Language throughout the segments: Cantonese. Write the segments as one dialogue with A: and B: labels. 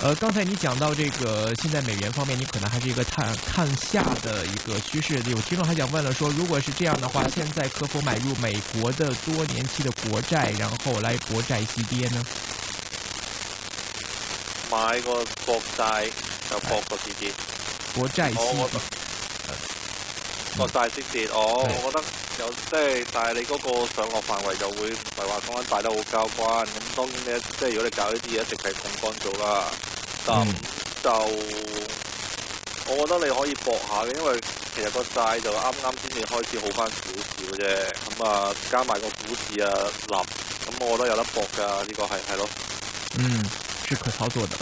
A: 呃、啊，剛才你講到這個，現在美元方面你可能還是一個探探下的一個趨勢。有聽眾還想問了，說如果是這樣的話，現在可否買入美國的多年期的國債，然後來國債息跌呢？買
B: 個國債要
A: 國債息跌，國債息。
B: 國債先跌，我、哦嗯哦、我覺得有即係、就是，但係你嗰個上落範圍就會唔係話講緊大得好交關。咁當然呢，即係如果你搞呢啲嘢，一定係控乾做啦。但、嗯、就我覺得你可以搏下嘅，因為其實個債就啱啱先至開始好翻少少嘅啫。咁啊，加埋個股市啊，咁我覺得有得搏噶。呢、這個係係咯。
A: 嗯，是可操作的。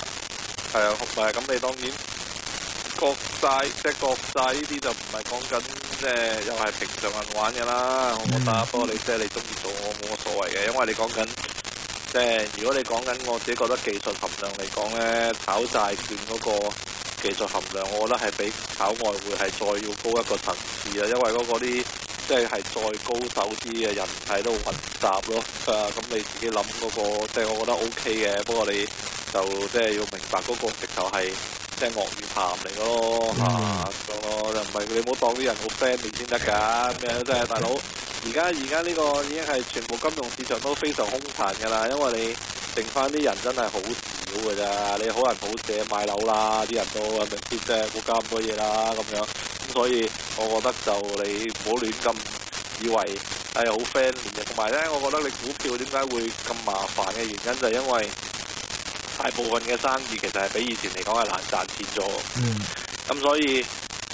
A: 係啊，
B: 同埋咁你當然國債即係國債呢啲就唔係講緊。即係又係平常人玩嘅啦，我覺得不過你即係你中意做，我冇乜所謂嘅。因為你講緊，即係如果你講緊我自己覺得技術含量嚟講咧，炒債券嗰個技術含量，我覺得係比炒外匯係再要高一個層次啊。因為嗰個啲即係係再高手啲嘅人睇都混雜咯。咁你自己諗嗰個，即係我覺得 O K 嘅。不過你就即係要明白嗰個直頭係。鱷魚潭嚟咯吓，咁咯，就唔係你唔好當啲人好 friend 你先得噶咩，即係大佬，而家而家呢個已經係全部金融市場都非常兇殘噶啦，因為你剩翻啲人真係好少噶咋。你好人好姐買樓啦，啲人都係咪先啫？冇咁多嘢啦，咁樣咁所以我覺得就你唔好亂咁以為係好 friend 你嘅。同埋咧，我覺得你股票點解會咁麻煩嘅原因就係因為。大部分嘅生意其實係比以前嚟講係難賺錢咗，咁、嗯、所以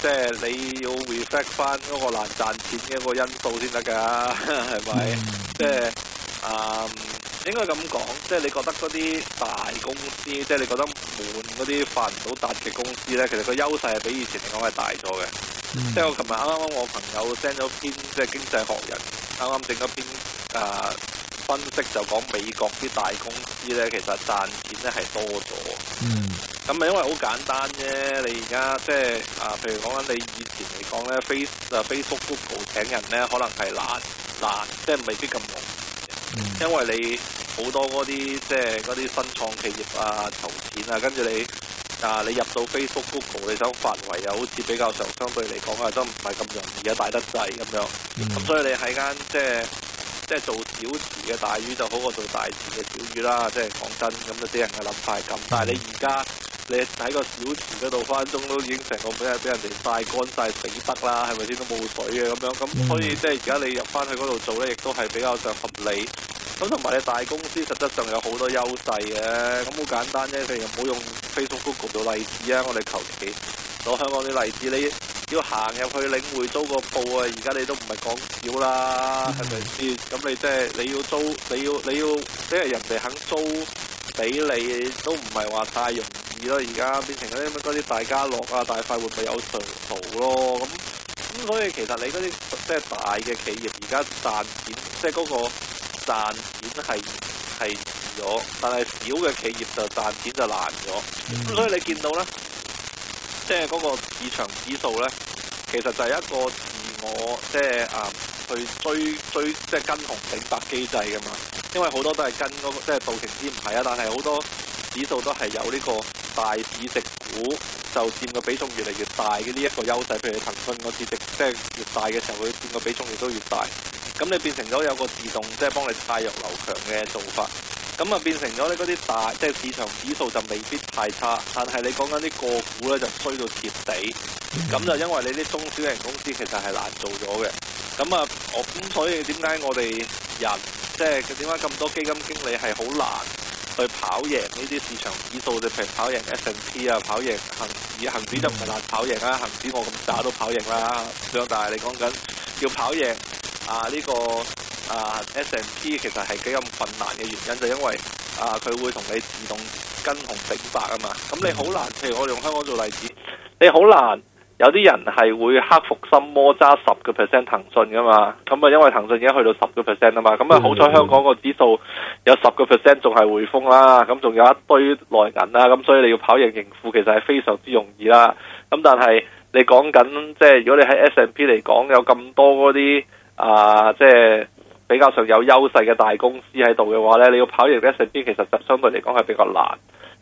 B: 即係、就是、你要 reflect 翻嗰個難賺錢嘅一個因素先得㗎，係 咪吧？即係啊，應該咁講，即、就、係、是、你覺得嗰啲大公司，即、就、係、是、你覺得悶嗰啲發唔到達嘅公司咧，其實個優勢係比以前嚟講係大咗嘅。即係、嗯、我琴日啱啱我朋友 send 咗篇即係、就是、經濟學人啱啱整咗篇啊。呃分析就講美國啲大公司咧，其實賺錢咧係多咗。嗯，咁咪因為好簡單啫。你而家即係啊，譬如講緊你以前嚟講咧，Face Facebook、Google 請人咧，可能係難，難，即係未必咁容易。
A: 嘅，嗯，
B: 因為你好多嗰啲即係嗰啲新創企業啊，投錢啊，跟住你啊，你入到 Facebook、Google，你想發圍又好似比較上相對嚟講係都唔係咁容易，而家大得制大得滯咁樣。咁，嗯，所以你喺間即係。即係做小池嘅大魚就好過做大池嘅小魚啦，即係講真，咁就啲人嘅諗法係咁。但係你而家你喺個小池嗰度翻鐘都已經成個俾人俾人哋晒乾晒死得啦，係咪先都冇水嘅咁樣？咁所以即係而家你入翻去嗰度做咧，亦都係比較上合理。咁同埋你大公司實質上有好多優勢嘅，咁好簡單啫。譬如唔好用 Facebook、Google 做例子啊，我哋求其攞香港啲例子你。要行入去領匯租個鋪啊！而家你都唔係講少啦，係咪先？咁你即係你要租，你要你要，即係人哋肯租俾你都唔係話太容易咯。而家變成咗啲乜嗰啲大家樂啊、大快活咪有前途咯？咁咁所以其實你嗰啲即係大嘅企業而家賺錢，即係嗰個賺錢係係易咗，但係小嘅企業就賺錢就難咗。咁所以你見到咧，即係嗰個。市場指數呢，其實就係一個自我即係啊，去追追即係跟紅頂白機制嘅嘛。因為好多都係跟嗰、那個即係道瓊斯唔係啊，但係好多指數都係有呢個大市值股就佔個比重越嚟越大嘅呢一個優勢。譬如騰訊嗰市值即係越大嘅時候，佢佔個比重亦都越大。咁你變成咗有個自動即係、就是、幫你汰弱留強嘅做法。咁啊，變成咗你嗰啲大，即係市場指數就未必太差，但係你講緊啲個股咧就衰到貼地。咁就因為你啲中小型公司其實係難做咗嘅。咁啊，咁所以點解我哋人即係點解咁多基金經理係好難去跑贏呢啲市場指數？就譬如跑贏 S&P 啊，跑贏恒指，恒指就唔係難跑贏啦、啊，恒指我咁渣都跑贏啦、啊。上但係你講緊要跑贏啊呢個。S 啊，S&P 其實係幾咁困難嘅原因就是、因為啊，佢會同你自動跟紅頂白啊嘛，咁你好難。譬如我哋用香港做例子，你好難。有啲人係會克服心魔揸十個 percent 騰訊噶嘛，咁啊，因為騰訊已經去到十個 percent 啊嘛，咁啊、嗯、好彩香港個指數有十個 percent 仲係匯豐啦，咁仲有一堆內銀啦，咁所以你要跑贏盈富其實係非常之容易啦。咁但係你講緊即係如果你喺 S&P 嚟講有咁多嗰啲啊，即係。比較上有優勢嘅大公司喺度嘅話呢，你要跑贏一成 B，其實就相對嚟講係比較難。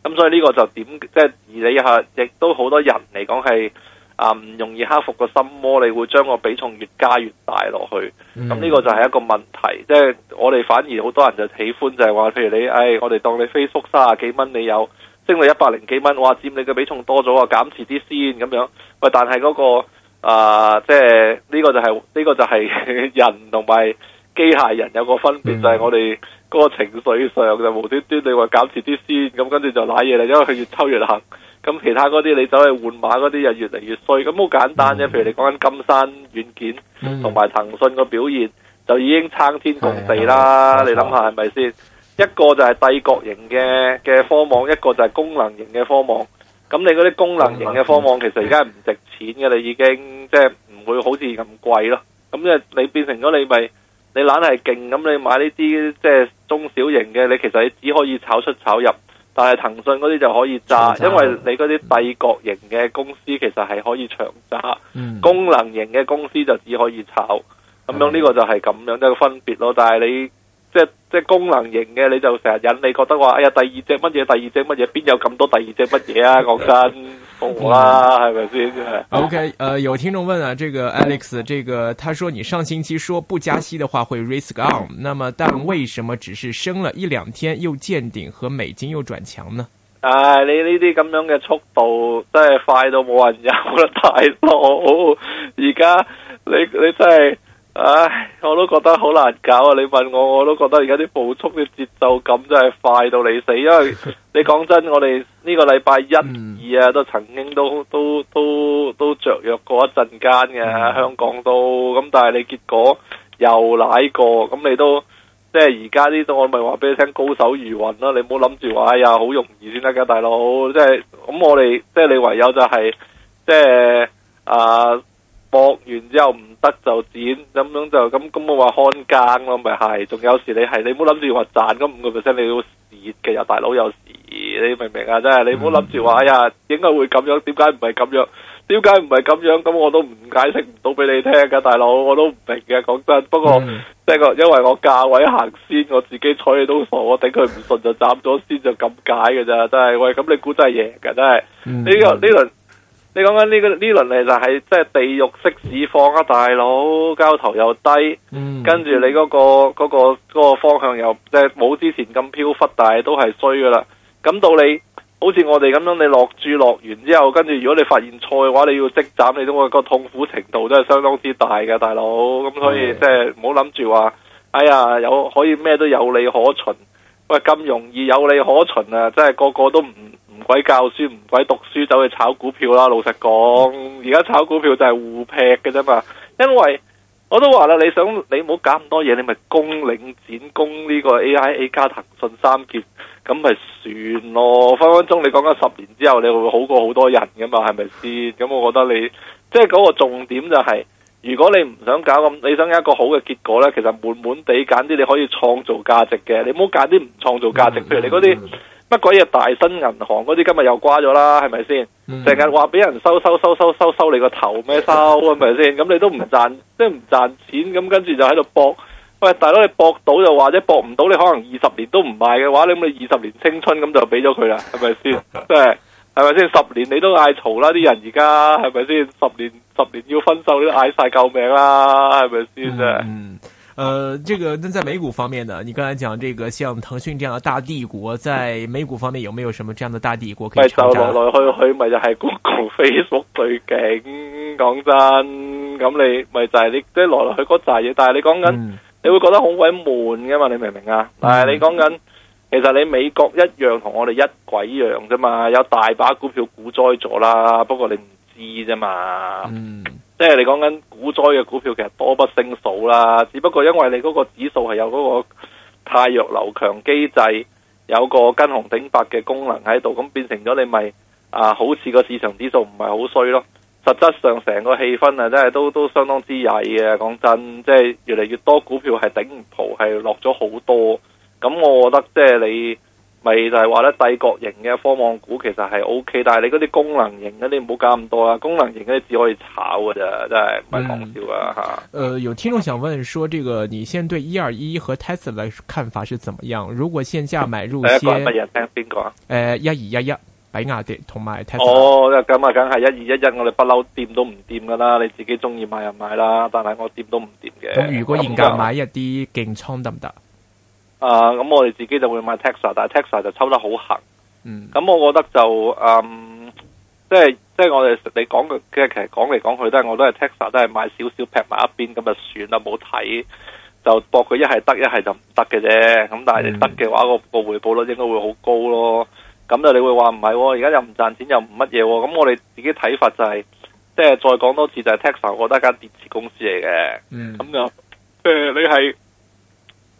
B: 咁所以呢個就點即係而你吓亦都好多人嚟講係啊，唔、嗯、唔容易克服個心魔，你會將個比重越加越大落去。咁呢個就係一個問題，即係、mm. 我哋反而好多人就喜歡就係話，譬如你誒、哎，我哋當你 Facebook 三十幾蚊，你有升到一百零幾蚊，哇，佔你嘅比重多咗啊，減持啲先咁樣。喂、嗰個，但係嗰個啊，即係呢個就係、係、呢、呢個就係人同埋。機械人有個分別就係、是、我哋嗰個情緒上就無端端你話減持啲先咁，跟住就瀨嘢啦，因為佢越抽越行。咁其他嗰啲你走去換馬嗰啲就越嚟越衰，咁好簡單啫。譬如你講緊金山軟件同埋騰訊個表現，就已經差天共地啦。你諗下係咪先？一個就係帝國型嘅嘅科網，一個就係功能型嘅科網。咁你嗰啲功能型嘅科網其實而家唔值錢嘅，你已經即係唔會好似咁貴咯。咁即係你變成咗你咪。你懶係勁咁，你買呢啲即係中小型嘅，你其實你只可以炒出炒入，但係騰訊嗰啲就可以揸，渣因為你嗰啲帝國型嘅公司其實係可以長揸，
A: 嗯、
B: 功能型嘅公司就只可以炒，咁、嗯、樣呢個就係咁樣嘅、就是、分別咯。但係你即係即係功能型嘅，你就成日引你覺得話，哎呀第二隻乜嘢，第二隻乜嘢，邊有咁多第二隻乜嘢啊？講真。
A: 哇，
B: 係咪先？O K，
A: 誒，有聽眾問啊，這個 Alex，這個他說你上星期說不加息的話會 risk on，那麼但為什麼只是升了一兩天又見頂，和美金又轉強呢？
B: 誒、哎，你呢啲咁樣嘅速度真係快到冇人有喇，大佬。而家你你真係，唉、哎，我都覺得好難搞啊！你問我，我都覺得而家啲步速嘅節奏感真係快到你死，因為你講真，我哋呢個禮拜一。嗯都曾經都都都都著弱過一陣間嘅香港都咁，但係你結果又奶過咁，你都即係而家啲，我咪話俾你聽，高手如雲囉！你唔好諗住話哎呀好容易先得噶，大佬，即係咁，就是、我哋即係你唯有就係即係啊博完之後唔得就剪，咁樣就咁咁，我話看更咯，咪係？仲有時你係你唔好諗住話賺個五個 percent 你要。熱嘅又大佬，嗯、有時你明唔明啊？真係你唔好諗住話，哎呀，點解會咁樣，點解唔係咁樣？點解唔係咁樣？咁我都唔解釋唔到俾你聽噶，大佬，我都唔明嘅。講真，不過即係、嗯、因為我價位行先，我自己坐喺都傻，我頂佢唔順就斬咗先，就咁解嘅啫。真係，喂，咁你估真係贏嘅，真係呢、嗯這個呢輪。你講緊呢個呢輪嚟就係即係地獄式市況，啊，大佬交投又低，跟住、嗯、你嗰、嗰個嗰、嗰個嗰、嗰個方向又即係冇之前咁飄忽，但係都係衰噶啦。咁到你好似我哋咁樣，你落注落完之後，跟住如果你發現錯嘅話，你要積斬，你都個、嗰個痛苦程度都係相當之大嘅，大佬。咁所以的即係唔好諗住話，哎呀有可以咩都有理可循。喂，咁容易有利可循啊！真係個個都唔唔鬼教書，唔鬼讀書，走去炒股票啦！老實講，而家炒股票就係互劈嘅啫嘛。因為我都話啦，你想你唔好搞咁多嘢，你咪攻領展、攻呢個 AIA 加騰訊三傑，咁咪算咯。分分鐘你講緊十年之後，你會好過好多人㗎嘛？係咪先？咁我覺得你即係嗰個重點就係。如果你唔想搞咁，你想有一個好嘅結果呢，其實滿滿地揀啲你可以創造價值嘅，你唔好揀啲唔創造價值。譬如你嗰啲乜鬼嘢大新銀行嗰啲，今日又瓜咗啦，係咪先？成日話俾人收收收收收收你個頭咩收？係咪先？咁你都唔賺，即係唔賺錢，咁跟住就喺度搏。喂、哎，大佬，你搏到就又或者搏唔到，你可能二十年都唔賣嘅話，你咁你二十年青春咁就俾咗佢啦，係咪先？對。 係咪先十年你都嗌嘈啦？啲人而家係咪先十年？十年要分手你都嗌晒救命啦？係咪先啊？嗯，誒、
A: 呃，這個，那在美股方面呢？你剛才講這個，像騰訊這樣的大帝國，在美股方面有沒有什麼這樣的大帝國可以挑戰？咪就來來
B: 去去，咪就係、是、Google、Facebook 對景。講真，咁你咪就係、是、你即係來來去嗰扎嘢。但係你講緊，嗯、你會覺得好鬼悶噶嘛？你明唔明啊？嗯、但係你講緊。其實你美國一樣同我哋一鬼一樣啫嘛，有大把股票股災咗啦，不過你唔知啫嘛。嗯，即係你講緊股災嘅股票，其實多不勝數啦。只不過因為你嗰個指數係有嗰個汰弱留強機制，有個跟紅頂白嘅功能喺度，咁變成咗你咪啊，好似個市場指數唔係好衰咯。實質上成個氣氛啊，真係都都相當之曳嘅。講真，即係越嚟越多股票係頂唔住，係落咗好多。咁我覺得即係你咪就係話咧帝國型嘅科網股其實係 O K，但係你嗰啲功能型嗰啲唔好搞咁多啦，功能型嗰啲只可以炒㗎咋，真係，唔好講笑
A: 啊吓。誒，有聽眾想問說，這個你先對一二一和 Tesla 嘅看法是怎麼樣？如果現價買入先，
B: 聽邊個？
A: 誒，一二一一比亞迪同埋 Tesla。
B: 哦，咁啊，梗係一二一一，我哋不嬲掂都唔掂噶啦，你自己中意買就買啦，但係我掂都唔掂嘅。咁如果現價
A: 買一啲勁倉得唔得？
B: 啊，咁、uh, 我哋自己就會買 Tesla，但係 Tesla 就抽得好行。咁、嗯、我覺得就，嗯，即係即係我哋你講嘅，其實講嚟講去都係，我都係 Tesla 都係買少少劈埋一邊，咁就算啦，冇睇就博佢一係得，一係就唔得嘅啫。咁但係你得嘅話，個、嗯、個回報率應該會好高咯。咁就你會話唔係，而家又唔賺錢又唔乜嘢。咁我哋自己睇法就係、是，即係再講多次就係、是、Tesla 我覺得間電子公司嚟嘅。嗯，咁就，誒、呃，你係。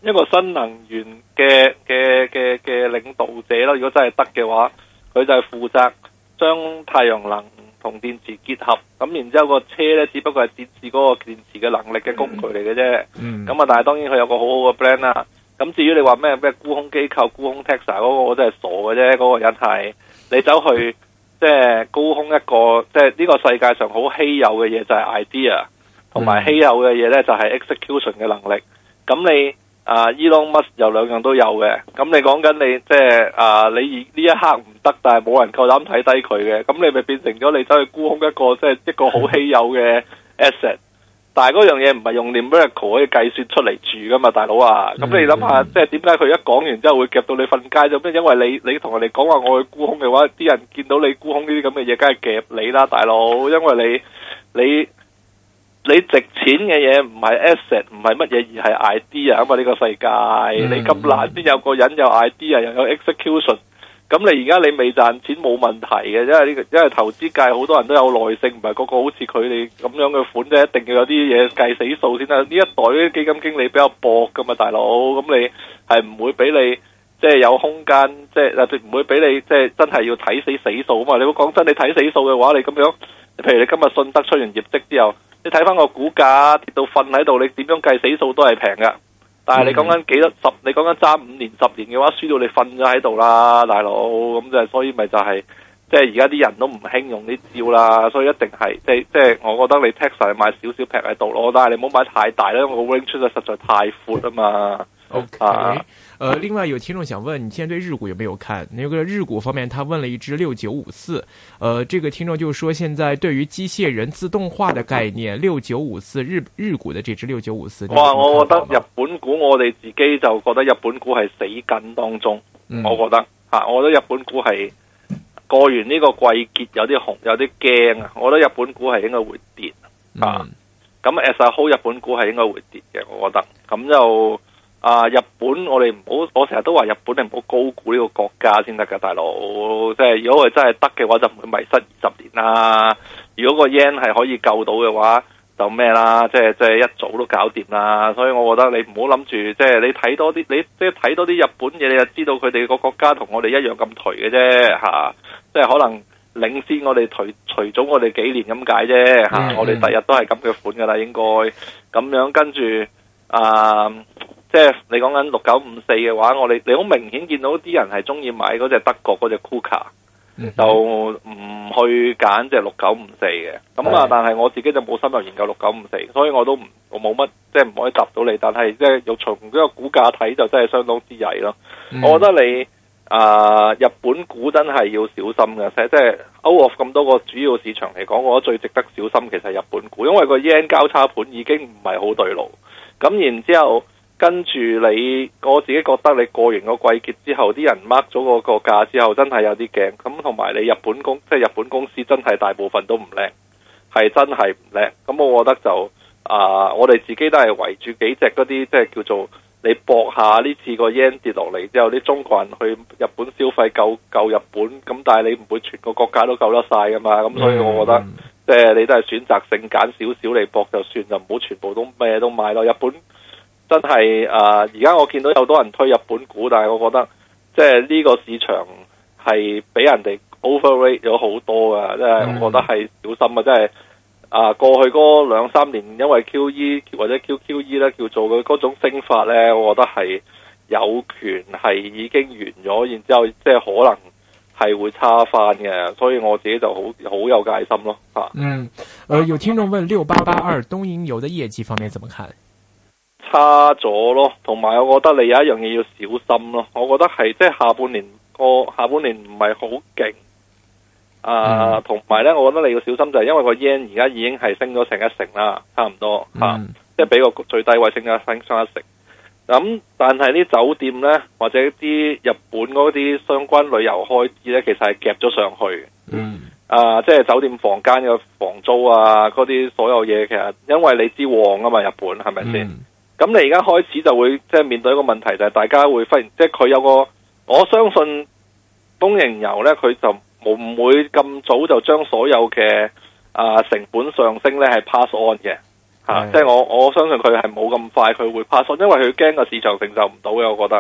B: 一個新能源嘅嘅嘅嘅領導者啦，如果真係得嘅話，佢就係負責將太陽能同電池結合，咁然之後個車呢，只不過係展示嗰個電池嘅能力嘅工具嚟嘅啫。咁、嗯、啊，但係當然佢有個好好嘅 brand 啦。咁至於你話咩咩沽空機構、沽空 Texas 嗰、那個，我真係傻嘅啫。嗰、那個人係你走去即係、就是、高空一個，即係呢個世界上好稀有嘅嘢就係 idea，同埋稀有嘅嘢呢就係 execution 嘅能力。咁你。啊，Elon Musk，uh, 有兩樣都有嘅，咁你講緊你即係啊，就是 uh, 你呢一刻唔得，但係冇人夠膽睇低佢嘅，咁你咪變成咗你走去沽空一個即係、就是、一個好稀有嘅 asset，但係嗰樣嘢唔係用 numerical 可以計算出嚟住噶嘛，大佬啊，咁你諗下即係點解佢一講完之後會夾到你瞓街啫？因為你你同人哋講話我去沽空嘅話，啲人見到你沽空呢啲咁嘅嘢，梗係夾你啦，大佬，因為你你。你值錢嘅嘢唔係 asset 唔係乜嘢而係 idea 啊！因啊呢個世界你咁難邊有個人有 idea a 又有 execution。咁你而家你未賺錢冇問題嘅，因為呢個因為投資界好多人都有耐性，唔係個個好似佢哋咁樣嘅款都一定要有啲嘢計死數先啦。呢一代基金經理比較薄噶嘛，大佬咁你係唔會俾你即係、就是、有空間，即係唔會俾你即係、就是、真係要睇死死數啊嘛？你會講真，你睇死數嘅話，你咁樣，譬如你今日信得出完業績之後。你睇翻個股價跌到瞓喺度，你點樣計死數都係平噶。但係你講緊幾多十，你講緊揸五年、十年嘅話，輸到你瞓咗喺度啦，大佬。咁就係、所以咪就係、是，即係而家啲人都唔興用啲招啦。所以一定係，即係即係，就是、我覺得你 take 買買少少劈喺度咯。但係你唔好買太大啦，因為個 range 出得實在太闊 Okay. 啊嘛。
A: O K。誒、呃，另外有聽眾想問，你現在對日股有沒有看？那個日股方面，他問了一支六九五四，誒，這個聽眾就說，現在對於機械人自動化的概念，六九五四日日股的這支六九五四，哇，我
B: 覺得日本股我哋自己就覺得日本股係死緊當中，我覺得吓，我覺得日本股係過完呢個季節有啲紅有啲驚啊，我覺得日本股係應該會跌啊，咁 s 實好、嗯啊、日本股係應該會跌嘅，我覺得咁就。啊！日本，我哋唔好，我成日都話日本，你唔好高估呢個國家先得噶，大佬。即係如果係真係得嘅話，就唔會迷失二十年啦。如果個 yen 係可以救到嘅話，就咩啦？即係即係一早都搞掂啦。所以我覺得你唔好諗住，即係你睇多啲，你即係睇多啲日本嘢，你就知道佢哋個國家同我哋一樣咁頹嘅啫。吓、啊，即係可能領先我哋頹頹早我哋幾年咁解啫。吓、啊，嗯嗯我哋第日都係咁嘅款噶啦，應該咁樣跟住啊。即係你講緊六九五四嘅話，我哋你好明顯見到啲人係中意買嗰隻德國嗰隻 Kuka、mm hmm. 就唔去揀即六九五四嘅。咁啊的，但係我自己就冇深入研究六九五四，所以我都唔我冇乜即係唔可以答到你。但係即係又從嗰個股價睇，就真係相當之曳咯。Mm hmm. 我覺得你啊、呃、日本股真係要小心嘅，即係歐澳咁多個主要市場嚟講，我覺得最值得小心其實係日本股，因為個 yen 交叉盤已經唔係好對路。咁然之後。跟住你，我自己覺得你過完個季結之後啲人 mark 咗嗰個價之後真係有啲驚，咁同埋你日本公即係日本公司，真係大部分都唔叻，係真係唔叻。咁、嗯、我覺得就啊、呃，我哋自己都係圍住幾隻嗰啲，即係叫做你博下呢次個 yen 跌落嚟之後啲中國人去日本消費夠夠日本，咁、嗯、但係你唔會全個國家都夠得晒噶嘛。咁、嗯、所以我覺得、嗯、即係你都係選擇性揀少少嚟博就算，就唔好全部都咩都買咯。日本。真係啊！而家我見到有多人推日本股，但係我覺得即係呢個市場係俾人哋 overrate 咗好多啊！即係、嗯、我覺得係小心啊！即係啊！過去嗰兩三年因為 QE 或者 QQE 咧叫做嘅嗰種升法咧，我覺得係有權係已經完咗，然之後即係可能係會差翻嘅，所以我自己就好好有戒心咯。嗯，誒、
A: 呃，有聽眾問六八八二東瀛遊的業績方面怎麼看？
B: 差咗咯，同埋我覺得你有一樣嘢要小心咯。我覺得係即係下半年個下半年唔係好勁啊，同埋、嗯、呢，我覺得你要小心就係因為個 yen 而家已經係升咗成一成啦，差唔多吓、嗯啊，即係比個最低位升咗升升一成。咁、嗯、但係啲酒店呢，或者啲日本嗰啲相關旅遊開支呢，其實係夾咗上去。嗯啊，即係酒店房間嘅房租啊，嗰啲所有嘢，其實因為你知旺啊嘛，日本係咪先？是。咁你而家開始就會即係、就是、面對一個問題，就係、是、大家會發現，即係佢有個我相信東瀛遊呢，佢就唔會咁早就將所有嘅、呃、成本上升呢係 pass on 嘅吓，即係我我相信佢係冇咁快佢會 pass on，因為佢驚個市場承受唔到嘅，我覺得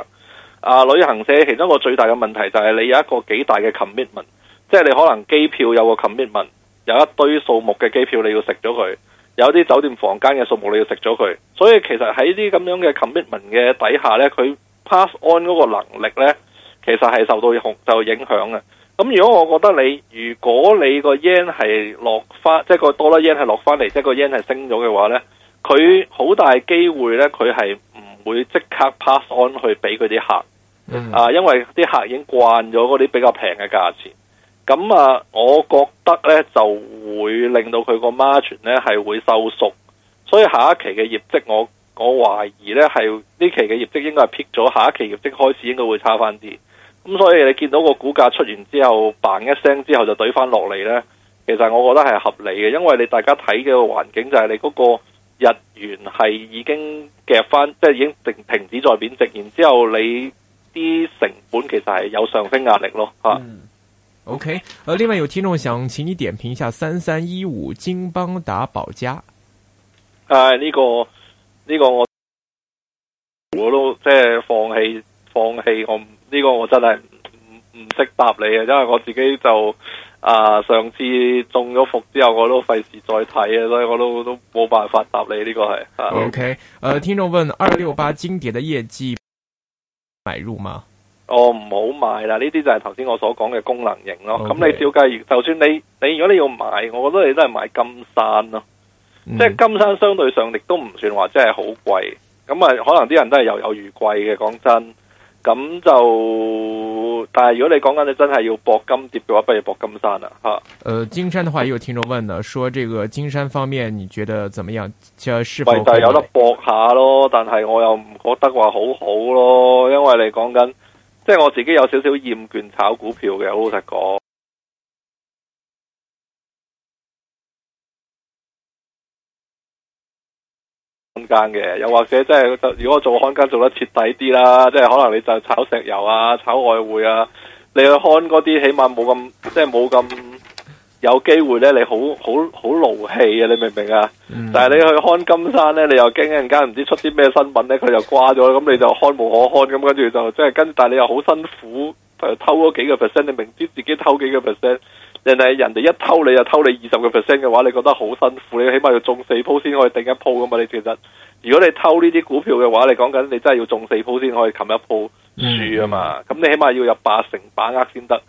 B: 啊、呃，旅行社其中一個最大嘅問題就係你有一個幾大嘅 commitment，即係你可能機票有個 commitment，有一堆數目嘅機票你要食咗佢。有啲酒店房間嘅數目你要食咗佢，所以其實喺啲咁樣嘅 commitment 嘅底下呢，佢 pass on 嗰個能力呢，其實係受到控就影響嘅。咁如果我覺得你，如果你、就是、個 yen 係落翻，即、就、係、是、個 dollar yen 係落翻嚟，即係個 yen 係升咗嘅話呢，佢好大機會呢，佢係唔會即刻 pass on 去俾佢啲客、mm hmm. 啊，因為啲客已經慣咗嗰啲比較平嘅價錢。咁啊，我覺得呢就會令到佢個 margin 呢係會收縮，所以下一期嘅業績，我我懷疑呢係呢期嘅業績應該係 peak 咗，下一期業績開始應該會差翻啲。咁所以你見到個股價出完之後，bang 一聲之後就懟翻落嚟呢，其實我覺得係合理嘅，因為你大家睇嘅環境就係你嗰個日元係已經夾翻，即係已經停停止再貶值，然之後你啲成本其實係有上升壓力咯，嗯
A: OK，誒，另外有聽眾想請你點評一下三三一五金邦達保家，
B: 誒、啊，呢、這個呢、這個我我都即係放棄放棄，我呢、這個我真係唔唔識答你啊，因為我自己就啊上次中咗伏之後我都費事再睇啊，所以我都都冇辦法答你呢、這個係。啊、OK，誒、
A: 呃，聽眾問二六八金蝶的業績買入嗎？
B: 哦，唔好、oh, 買啦！呢啲就係頭先我所講嘅功能型咯。咁 Okay. 你照計，就算你你如果你要買，我覺得你都係買金山咯。即係、mm hmm. 金山相對上亦都唔算話真係好貴。咁啊，可能啲人都係猶有餘悸嘅。講真，咁就但係如果你講緊你真係要搏金蝶嘅話，不如搏金山啦吓。誒、
A: 呃，金山嘅話有聽眾問啦，說這個金山方面你覺得怎麼樣？即係是否？喂，就係有得
B: 搏下咯，但係我又唔覺得話好好咯，因為你講緊。即係我自己有少少厭倦炒股票嘅，我老實講。空間嘅，又 或者即係，如果做看間做得徹底啲啦，即係可能你就炒石油啊、炒外匯啊，你去看嗰啲，起碼冇咁，即係冇咁。有機會咧，你好好好勞氣啊！你明唔明啊？嗯、但係你去看金山咧，你又驚一陣間唔知出啲咩新聞咧佢就掛咗咁你就看無可看咁，跟住就即係跟。但係你又好辛苦，偷咗幾個 percent。你明知自己偷幾個 percent，人哋人哋一偷你就偷你二十個 percent 嘅話，你覺得好辛苦？你起碼要中四鋪先可以定一鋪噶嘛？你其實，如果你偷呢啲股票嘅話，你講緊你真係要中四鋪先可以擒一鋪輸啊嘛！咁、嗯、你起碼要有八成把握先得。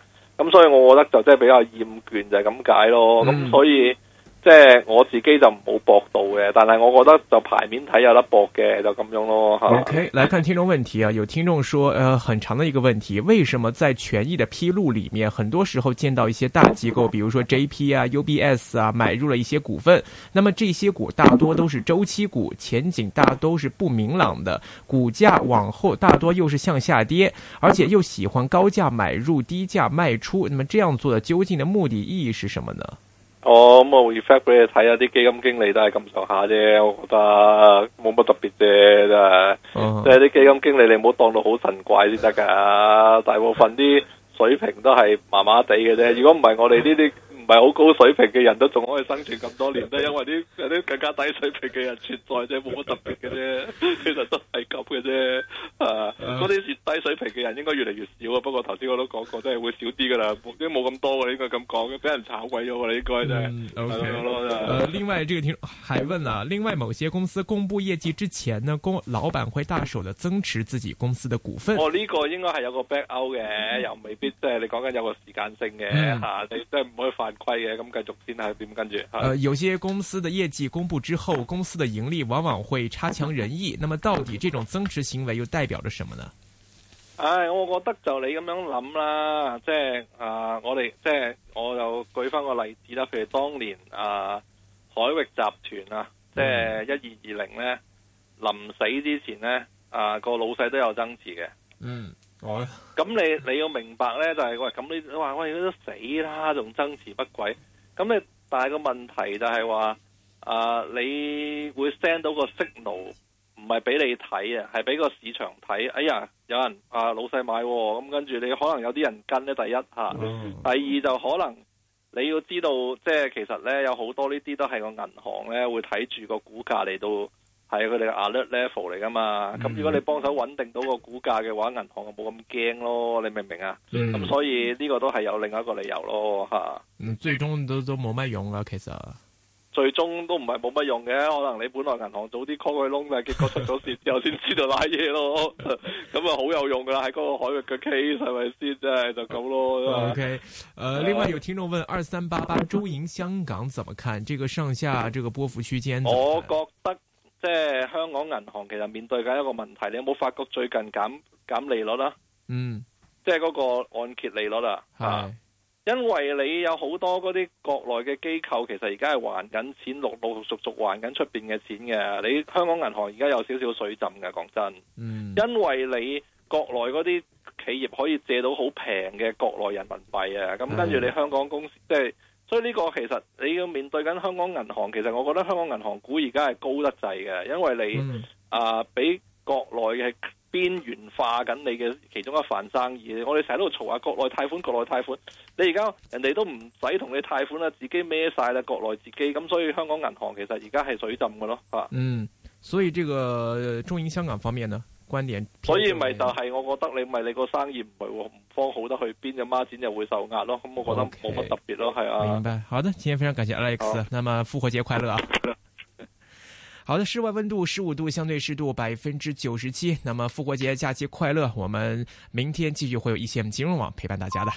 B: 咁所以，我覺得就真係比較厭倦就係咁解咯。咁、嗯、所以。即係我自己就冇搏到嘅，但係我覺得就牌面睇有得搏嘅就咁樣咯。OK，
A: 來看聽眾問題啊，有聽眾說，呃，很長的一個問題，為什麼在權益的披露裏面，很多時候見到一些大機構，比如說 JP 啊、UBS 啊，買入了一些股份，那麼這些股大多都是周期股，前景大都是不明朗的，股價往後大多又是向下跌，而且又喜歡高價買入、低價賣出，那麼這樣做的究竟的目的意義是什麼呢？
B: 哦，咁我 reflect 俾你睇下啲基金經理都係咁上下啫，我覺得冇乜特別啫，即係啲基金經理你唔好當到好神怪先得噶，大部分啲水平都係麻麻哋嘅啫。如果唔係我哋呢啲，係好高水平嘅人都仲可以生存咁多年，都係因為啲啲更加低水平嘅人存在啫，冇乜特別嘅啫，其實都係咁嘅啫。啊，嗰啲低水平嘅人應該越嚟越少啊。不過頭先我都講過，都係會少啲噶啦，都冇咁多嘅，應該咁講，俾人炒鬼咗你應該就係。另外，
A: 呢個聽眾還問啊，另外，某些公司公布業績之前呢，公老闆會大手嘅增持自己公司的股
B: 份。哦，呢、這個應該係有個 backout 嘅，又未必，即、就、係、是、你講緊有個時間性嘅吓，你即係唔可以犯。咁繼續先睇點跟住。有些
A: 公司的業績公布之後，公司的盈利往往會差強人意。那麼到底這種增持行為又代表着什麼呢？
B: 唉、哎，我覺得就你咁樣諗啦，即係啊、呃，我哋即係我又舉翻個例子啦，譬如當年啊、呃，海域集團啊，即係一二二零呢，臨死之前呢，啊、呃、個老細都有增持嘅。嗯。咁 你你要明白呢，就係、是、喂，咁你話喂，都死啦，仲增持不軌？咁你，但係個問題就係話、呃，你會 send 到個 signal，唔係俾你睇啊，係俾個市場睇。哎呀，有人啊老細買、哦，咁跟住你可能有啲人跟呢，第一吓， 第二就可能你要知道，即係其實呢，有好多呢啲都係個銀行呢，會睇住個股價嚟到。係佢哋嘅 alert level 嚟噶嘛？咁、嗯、如果你幫手穩定到個股價嘅話，銀行就冇咁驚咯。你明唔明啊？咁、嗯、所以呢個都係有另一個理由咯，吓、
A: 嗯。最終都都冇乜用啦，其實。
B: 最終都唔係冇乜用嘅，可能你本來銀行早啲 call 佢窿嘅，結果出咗事之後先知道瀨嘢咯。咁啊，好有用噶啦，喺嗰個海域嘅 case 係咪先？即係就咁咯。O K，誒，另外有
A: 聽眾問：二三八八中銀香港怎麼看？Uh, 這個上下，這個波幅區間。我
B: 覺得。即係香港銀行其實面對緊一個問題，你有冇發覺最近減減利率啦？
A: 嗯，
B: 即係嗰個按揭利率啦，
A: 吓，
B: 因為你有好多嗰啲國內嘅機構，其實而家係還緊錢，陸陸續續還緊出邊嘅錢嘅。你香港銀行而家有少少水浸㗎，講真，嗯，因為你國內嗰啲企業可以借到好平嘅國內人民幣啊，咁跟住你香港公司即係。所以呢個其實你要面對緊香港銀行，其實我覺得香港銀行股而家係高得滯嘅，因為你啊、嗯呃，畀國內嘅邊緣化緊你嘅其中一份生意，我哋成日都喺度嘈下國內貸款，國內貸款，你而家人哋都唔使同你貸款啦，自己孭晒啦，國內自己，咁所以香港銀行其實而家係水浸㗎咯，吓。嗯，
A: 所以這個中銀香港方面呢？觀點，所以咪就係，
B: 我覺得你咪安你個生意唔係唔方好得去邊，只孖展就會受壓咯。咁我覺得冇乜特別咯，係 Okay, 啊。明白。
A: 好的，今天非常感謝 Alex，、啊、那麼復活節快樂啊！ 好的。室外温度十五度，相對濕度百分之九十七。那麼復活節假期快樂，我們明天繼續會有 E、K、M 金融網陪伴大家的。